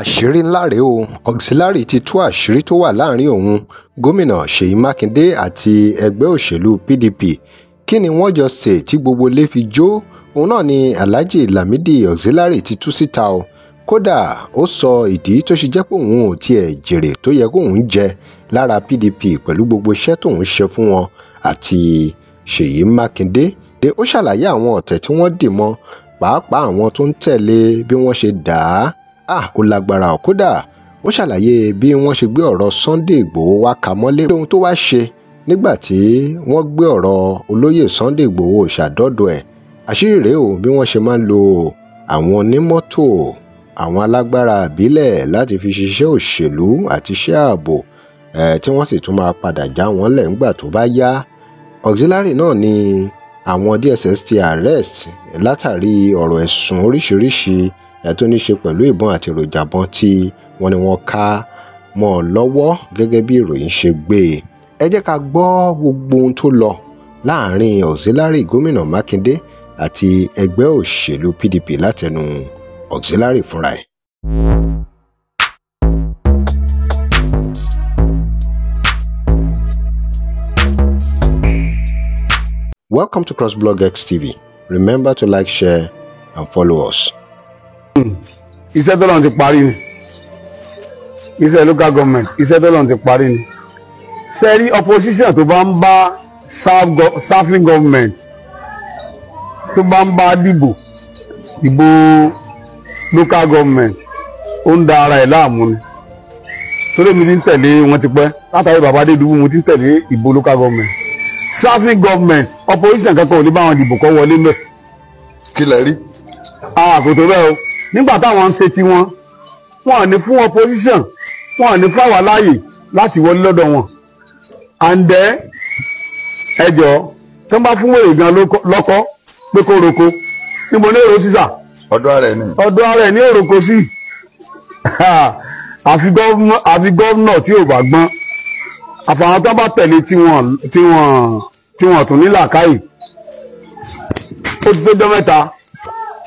àṣírí ńlá rèé o auxillary ti tú àṣírí tó wà láàrin òun gómìnà ṣèyí mákindé àti ẹgbẹ́ òṣèlú pdp kí ni wọ́n jọ ṣe tí gbogbo ilé fi jó òun náà ni alhaji lamidi auxillary ti tú síta o kódà ó sọ ìdí tó ṣe jẹ́ pé òun ò tiẹ̀ jèrè tó yẹ kóun jẹ lára pdp pẹ̀lú gbogbo iṣẹ́ tóun ṣe fún wọn àti ṣèyí mákindé ó ṣàlàyé àwọn ọ̀tẹ̀ tí wọ́n dì mọ́ pàápàá àwọn tó ń tẹ̀lé bí wọ́n ṣe dà á ah ó lágbára ọ̀ kódà ó ṣàlàyé bí wọ́n ṣe gbé ọ̀rọ̀ Sunday Ìgbòho wá kà mọ́lé ohun tó wá ṣe nígbà tí wọ́n gbé ọ̀rọ̀ olóyè Sunday Ìgbòho ṣàdọ́dọ̀ ẹ̀ àṣírí rèé o bí wọ́n ṣe máa ń lo àwọn onímọ́tò àwọn alágbára àbílẹ̀ láti fi ṣiṣẹ́ òṣèlú àti iṣẹ́ ààbò tí wọ́n sì tún máa padà já wọn lẹ̀ ńgbà tó bá yá auxiliary náà ni àwọn DSS ti arrest látàrí ọ̀rọ̀ ẹ̀sùn oríṣiríṣi èyí ní ṣe pẹ̀lú ìbọn àti èròjà tí wọ́n ní wọ́n ká mọ́ ọ lọ́wọ́ gẹ́gẹ́ bí ìròyìn ṣe gbé e. ẹ jẹ́ ká gbọ́ gbogbo ohun tó lọ láàrin auxiliary gómìnà Mákindé àti ẹgbẹ́ òṣèlú PDP látẹnu auxiliary fúnra ẹ̀. Welcome to CrossblogX TV. Remember to like, share, and follow us. Hmm. iṣẹ́ tọ́lọ́run ti parí ni iṣẹ́ local government iṣẹ́ tọ́lọ́run ti parí ni sẹ́rí opposition tó bá ń bá serving government tó bá ń bá dìbò dìbò local government ó ń da ara ẹ̀ láàmú ni torí mi ti ń tẹ̀lé wọn ti pẹ́ látàrí bàbá Adédùbú mo ti ń tẹ̀lé ìbò local government serving government opposition kankan ò ní bá wọn dìbò kọ́ wọlé mẹ́. kí lẹ rí. àkótó ah, bẹ́ẹ̀ o nígbà táwọn ń ṣe tiwọn wọn ò ní fún wọn position wọn ò ní fún àwa láàyè láti wọlé lọ́dọ̀ wọn àǹdẹ́ ẹjọ́ tó ń bá fún wèrè gan lọ́kọ́ pé kó roko níbo ní èrò sísà ọ̀dọ̀ ara ẹ̀ ní ọ̀dọ̀ ara ẹ̀ ní òroko sí àfi gọ́vnà tí ò bá gbọ́n àfàwọn tó bá tẹ̀lé tí wọ́n tí wọ́n tí wọ́n tún ní làákàyè ó tó dọ́ mẹ́ta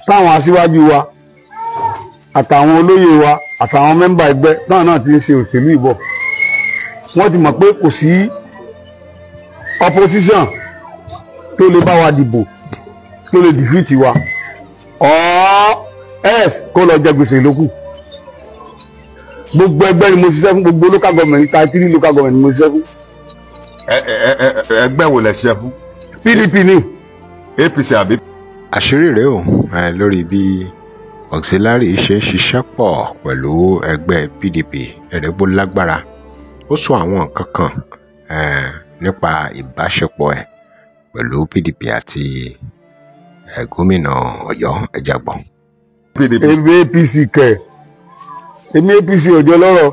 táwọn aṣíwájú wa àtàwọn olóyè wa àtàwọn mẹ́mbà ẹgbẹ́ táwọn náà ti ń ṣe òṣèlú ìbọ̀ wọ́n ti mọ̀ pé kò sí opposition tó lè bá wa dìbò tó lè defeat wa ọ̀ọ́ ẹ̀s kó lọ jẹ gbèsè lókù gbogbo ẹgbẹ́ ni mo ṣiṣẹ́ fún gbogbo local government ta three local government ni mo ṣiṣẹ́ fún. ẹgbẹ́ wo lẹ ṣiṣẹ́ fún. PDP ni. APC àbí. àṣírí rèé o lórí bíi auxillary ṣe ṣiṣẹ́ pọ̀ pẹ̀lú ẹgbẹ́ pdp ẹ̀rẹ́gbó lágbára ó sọ àwọn nǹkan kan um nípa ìbáṣepọ̀ ẹ̀ pẹ̀lú pdp àti eh, gómìnà ọ̀yọ́ ẹ̀jàgbọ́n. èmi apc kẹ èmi apc ọjọ́ lọ́rọ̀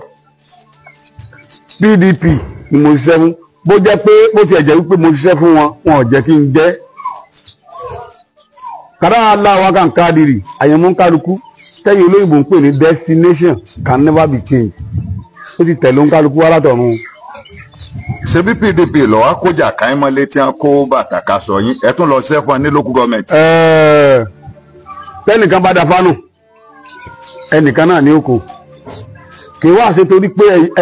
pdp ni mo ṣiṣẹ́ fún bó jẹ́ pé bó tiẹ̀ jẹ́ wípé mo ṣiṣẹ́ fún wọn wọn ò jẹ́ kí n jẹ́ kádàrá Allah wa kan kádìrì àyànmọ́ tẹ́yìn olóyìnbó ń pè ní destination can never be changed ó ti tẹ̀lé kálukú wá látọ̀run. PDP lọ wá kójà káyín tí wọ́n kó bàtà ká sọ yín ẹ lọ ṣẹ́ fún ẹ ní local tẹ́nìkan bá ẹnìkan náà ní oko kì í wá ṣe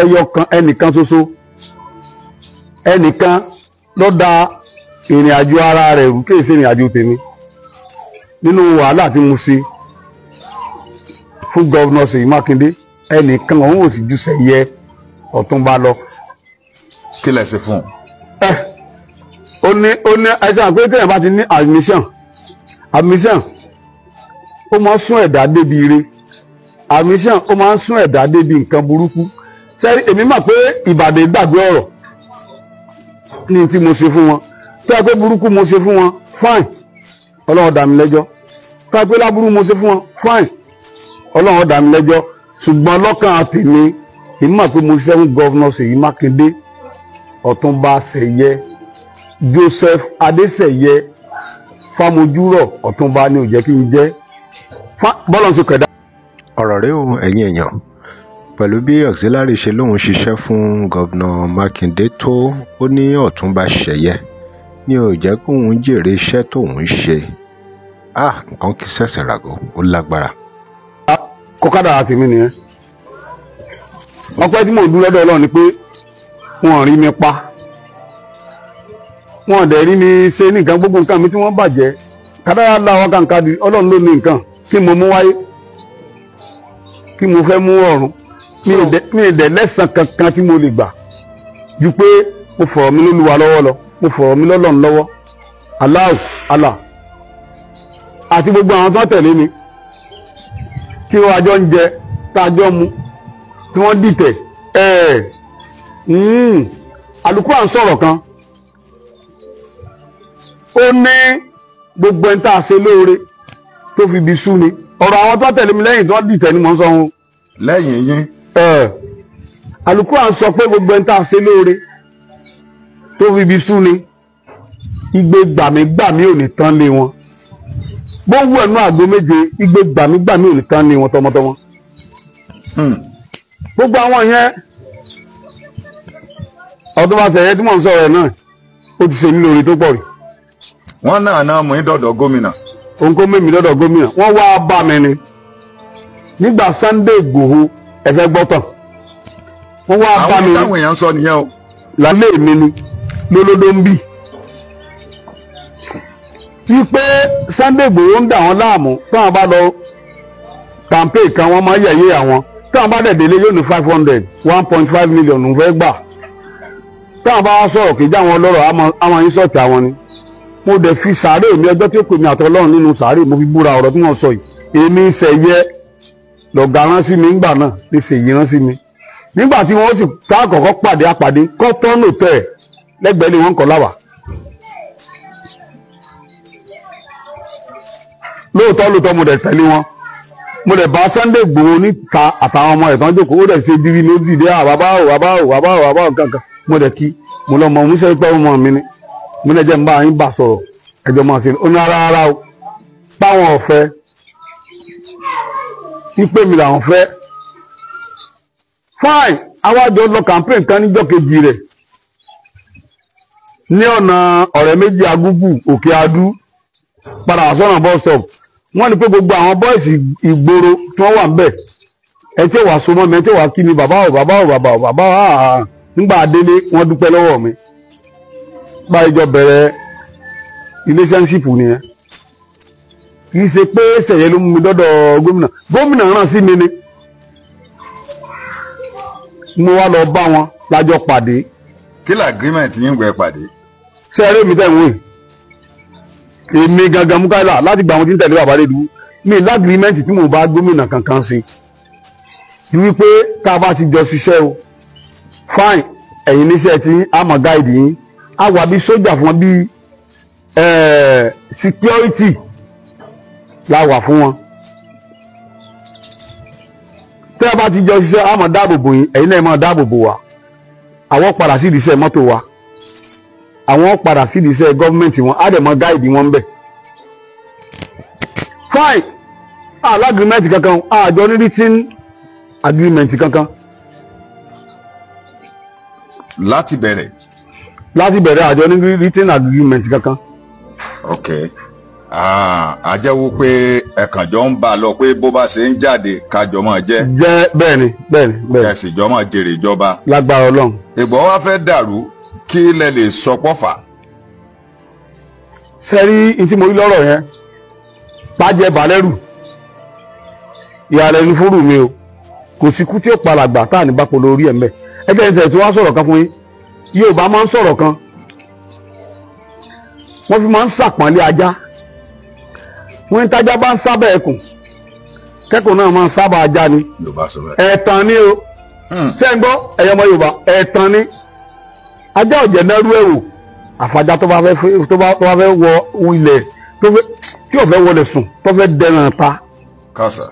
ẹyọ ẹnìkan ṣoṣo ẹnìkan ló da ara rẹ̀ rú kí èsì nínú wàhálà tí mo ṣe fún gọ́vnà Ṣèyí Mákindé ẹnìkan òun ò sì ju Ṣèyí Ọ̀túnba lọ. kí lẹ ṣe fún un. ẹ eh, ó ní ó ní ẹsẹ àpé téèyàn bá ti ní admission admission ó máa ń sún ẹ̀dá débi ire admission ó máa ń sún ẹ̀dá débi nǹkan burúkú ṣé èmi mọ̀ pé Ìbàdàn gbàgbé ọ̀rọ̀ ní tí mo ṣe fún wọn tó yẹ pé burúkú mo ṣe fún wọn fine ọlọ́run dá mi lẹ́jọ́ kápẹ́ láburú mo ṣe fún wọn fine ọlọ́run dá mi lẹ́jọ́ ṣùgbọ́n lọ́kàn àtẹ̀mí ìmọ̀ pé mo ṣiṣẹ́ fún gọ́vnà Ṣèyí Mákindé Ọ̀túnba Ṣèyẹ Joseph Adéṣèyẹ Fámojúrọ̀ Ọ̀túnba ni ò jẹ́ kí n jẹ́ bọ́lá ń ṣe kẹ̀dá. ọ̀rọ̀ rẹ o ẹ̀yin èèyàn pẹ̀lú bí auxiliary ṣe lóun ṣiṣẹ́ fún gọ́vnà Mákindé tó ó ní Ọ̀túnba Ṣèyẹ ni ò jẹ́ kóun jèrè iṣẹ́ tóun ṣe ah nǹkan kì í ṣẹ̀ṣẹ̀ ràgó ó lágbára. Ah, kọ́kádà àti mi nìyẹn ọpẹ́ tí mò ń dún lọ́dọ̀ Ọlọ́run ni pé wọ́n rí mi pa wọ́n dẹ̀ rí mi ṣe ní nǹkan gbogbo nǹkan mi tí wọ́n bàjẹ́ kádàrá làwọn kàǹkà di Ọlọ́run ló ní nǹkan kí mo mú wáyé kí mo fẹ́ mú ọ̀run mi ì dẹ̀ lẹ́sàn-án kankan tí mo lè gbà ju pé mo fọ̀rọ̀ mi lólúwa lọ́wọ́ lọ mo fọ̀rọ̀ mi lọ́lọ́run lọ́wọ́ aláwọ̀ Allah àti gbogbo àwọn tó tẹ̀lé mi tí wọ́n àjọ ń jẹ tájọ́ mu tí wọ́n dìtẹ̀ ẹ̀ẹ́ hmm, àlùkò à ń sọ̀rọ̀ kan ó ní gbogbo ẹni tá a ṣe lóore tó fi bi sú ni ọ̀rọ̀ àwọn tó tẹ̀lé mi lẹ́yìn tó dìtẹ̀ ni mò ń sọ wọn. lẹ́yìn yín. àlùkò à ń sọ pé gbogbo ẹni tá a ṣe lóore tó fi bi sú ni igbe gbàmígbàmí ò ní tán lé wọn. bó ọnụ ẹnu àgọ méje igbe gbàmígbàmí nìkan ni wọn tọmọtọmọ hmm. gbogbo àwọn yẹn ọdún bá tẹ̀yẹ tí mò ń sọ̀rọ̀ náà ó ti ṣe tó pọ̀ rí. náà náà mú gómìnà. mímí gómìnà wá bá mi ni nígbà o. mi ni lólódó ń bì. wípé Sunday Igboho ń dà wọ́n láàmú táwọn bá lọ campaign kan wọ́n máa yẹ̀yẹ́ àwọn táwọn bá dẹ̀ délé yóò ní five hundred one point five million ń fẹ́ gbà táwọn bá wá sọ̀rọ̀ kí jáwọn ọlọ́rọ̀ àmọ́ yín sọ̀tì àwọn ni mo dẹ̀ fi sàárè mi ọjọ́ tí ó pè mí àtọ́lọ́run nínú sàárè mo fi búra ọ̀rọ̀ tí wọ́n sọ yìí èmi sẹ̀yẹ lọ̀gá rán sí mi ńgbà náà lè sèyí rán sí mi nígbà tí wọ́n sì ká àkọ́kọ́ pàdé àpàdé kọ́tọ́nù tẹ̀ lẹ́gbẹ̀ẹ́ ni wọ́n kọ́ láwàá lóòótọ́ lóòótọ́ mo dẹ̀ tẹ̀lé wọn mo dẹ̀ bá Sunday Igboho níta àtàwọn ọmọ ẹ̀tàn jókòó ó dẹ̀ ṣe dirí ló dìde à ah, bàbá ò bàbá ò bàbá ò bàbá ò kankan mo dẹ̀ kí mo lọ mọ mo ṣe pẹ́ ọmọ mi ni mo dẹ̀ jẹ́ n bá yín bà sọ̀rọ̀ ẹjọ́ máa ṣe ní ara ara o páwọn ọ̀fẹ́ pípé mi làwọn fẹ́ fine awájọ lọ campaign kan níjọ́ kejì rẹ̀ ní ọ̀nà ọ̀rẹ́ méjì agúgù òkè adú padà sọ́nà bus stop wọ́n ní pé gbogbo àwọn bọ́ìsì ìgboro tí wọ́n wà ń bẹ̀ ẹ tí wàá so mọ́ mi ẹ tí wàá kí mi bàbá ò bàbá ò bàbá o bàbá ò àhàn nígbà délé wọ́n dúpẹ́ lọ́wọ́ mi báyìí jọ bẹ̀rẹ̀ relationship nìyẹn kì í ṣe pé ṣẹ̀yẹ ló mú mi dọ́dọ̀ gómìnà gómìnà rán sí mi ni mo wá lọ bá wọn lájọ pàdé. kí ni agreement yín gbẹ pàdé. ṣé ẹ rí mi tẹ̀ ń wé èmi gangan Mukaila láti gba àwọn tí ń tẹ̀lé bàbá Arẹ́dùwú mi lágrímẹ́ǹtì tí mo bá gómìnà kankan se ju wípé tá a bá ti jọ ṣiṣẹ́ o fine ẹ̀yin níṣẹ́ tí a mọ̀ gáìdì yín a wà bí sójà fún wọn bí security la wà fún wọn tẹ́ ẹ bá ti jọ ṣiṣẹ́ a mọ̀ dáàbò bò yín ẹ̀yin náà ẹ̀ mọ̀ dáàbò bò wá àwọn padà sí ìdíṣẹ́ mọ́tò wa. àwọn padà sídìí ìdíṣẹ́ gọ́ọ̀mẹ̀ntì wọn àdèmọ̀ dẹ̀ mọ gáìdì wọn bẹ̀. fine alágírímẹ̀ntì kankan àjọ ní written agreement kankan. láti bẹ̀rẹ̀. láti bẹ̀rẹ̀ àjọ ní written agreement kankan. ok àjẹwò pé ẹ̀kànjọ ń bá a lọ pé bó bá ṣe ń jáde kájọ máa jẹ́. jẹ́ bẹ́ẹ̀ ni bẹ́ẹ̀ ni bẹ́ẹ̀ ni. kẹsì jọ máa jèrè ìjọba. lágbára ọlọ́run. ìgbọ́ wa fẹ́ dàrú kí lẹ lè sọ pọ́fà. ṣe rí n tí mo rí lọ́rọ̀ yẹn pàjẹ́ balẹ̀rù ìyàlẹ́nu fúrú mi o kò sí kú tí ó palàgbà tá à ní bápo lórí ẹ̀ mẹ́ ẹgbẹ́ ìṣẹ̀lẹ̀ tí wọ́n sọ̀rọ̀ kan fún yín Yorùbá máa ń sọ̀rọ̀ kan wọ́n fi máa ń sàpọ́nlé ajá wọ́n ń tájá bá ń sábà ẹkùn kẹ́kùn náà máa ń sábà ajá ni ẹ̀tàn ni o hmm. ṣé ń gbọ́ ẹ̀yọ́mọ Yorùbá ẹ̀tàn ni ajá ọ̀jẹ̀ náà rú ẹ̀ wò àfàjà tó bá fẹ́ wọ ilẹ̀ tí ò fẹ́ wọlé sùn tó fẹ́ dẹran ta. kásá.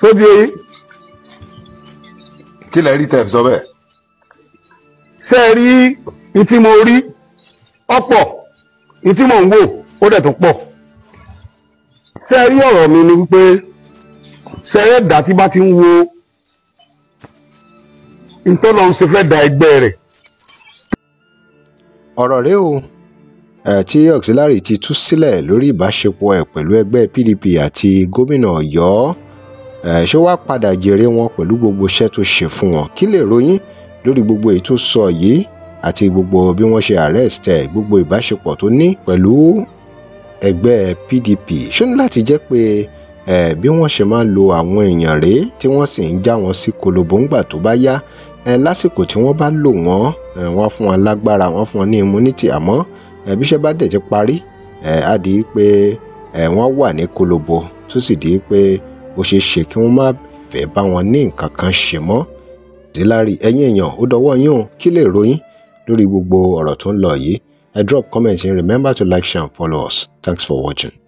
tó di eyín. kí lẹ rí tẹ̀sán bẹ́ẹ̀. ṣé ẹ rí ìtí mo rí ọ̀pọ̀ ìtí mo ń wò ó dẹ̀ tún pọ̀ ṣé ẹ rí ọ̀rọ̀ mi ni wípé ṣé ẹ dà tí bá ti ń wo ntọ́lọ́run ṣe fẹ́ da ẹgbẹ́ rẹ̀. ọ̀rọ̀ rẹ o tí auxillary ti tú sílẹ̀ lórí ìbáṣepọ̀ ẹ̀ pẹ̀lú ẹgbẹ́ PDP àti gómìnà ọ̀yọ́ ṣé wàá padà jèrè wọn pẹ̀lú gbogbo iṣẹ́ tó ṣe fún wọn kí lè ròyìn lórí gbogbo èyí tó sọ yìí àti gbogbo bí wọ́n ṣe arrest ẹ̀ gbogbo ìbáṣepọ̀ tó ní pẹ̀lú ẹgbẹ́ PDP ṣó ní láti jẹ́ pé bí wọ́n ṣe máa ń lo àwọn èèyàn rèé tí wọ́n sì ń já wọn sí kolobo ńgbà tó bá yá lásìkò tí wọ́n bá lò wọ́n wọ́n fún wọn lágbára wọ́n fún wọn ní immunity àmọ́ bí iṣẹ́ bá dẹ̀ ti parí á di pé wọ́n wà ní kolobo tó sì di pé ó ṣeé ṣe kí wọ́n má fẹ́ bá wọn ní nǹkan kan ṣe mọ́ síláàrí ẹ̀yin èèyàn ó dọwọ́ yín o kí lè ròyìn lórí gbogbo ọ̀rọ̀ tó ń lọ yìí ẹ drop comment and remember to like share and follow us thanks for watching.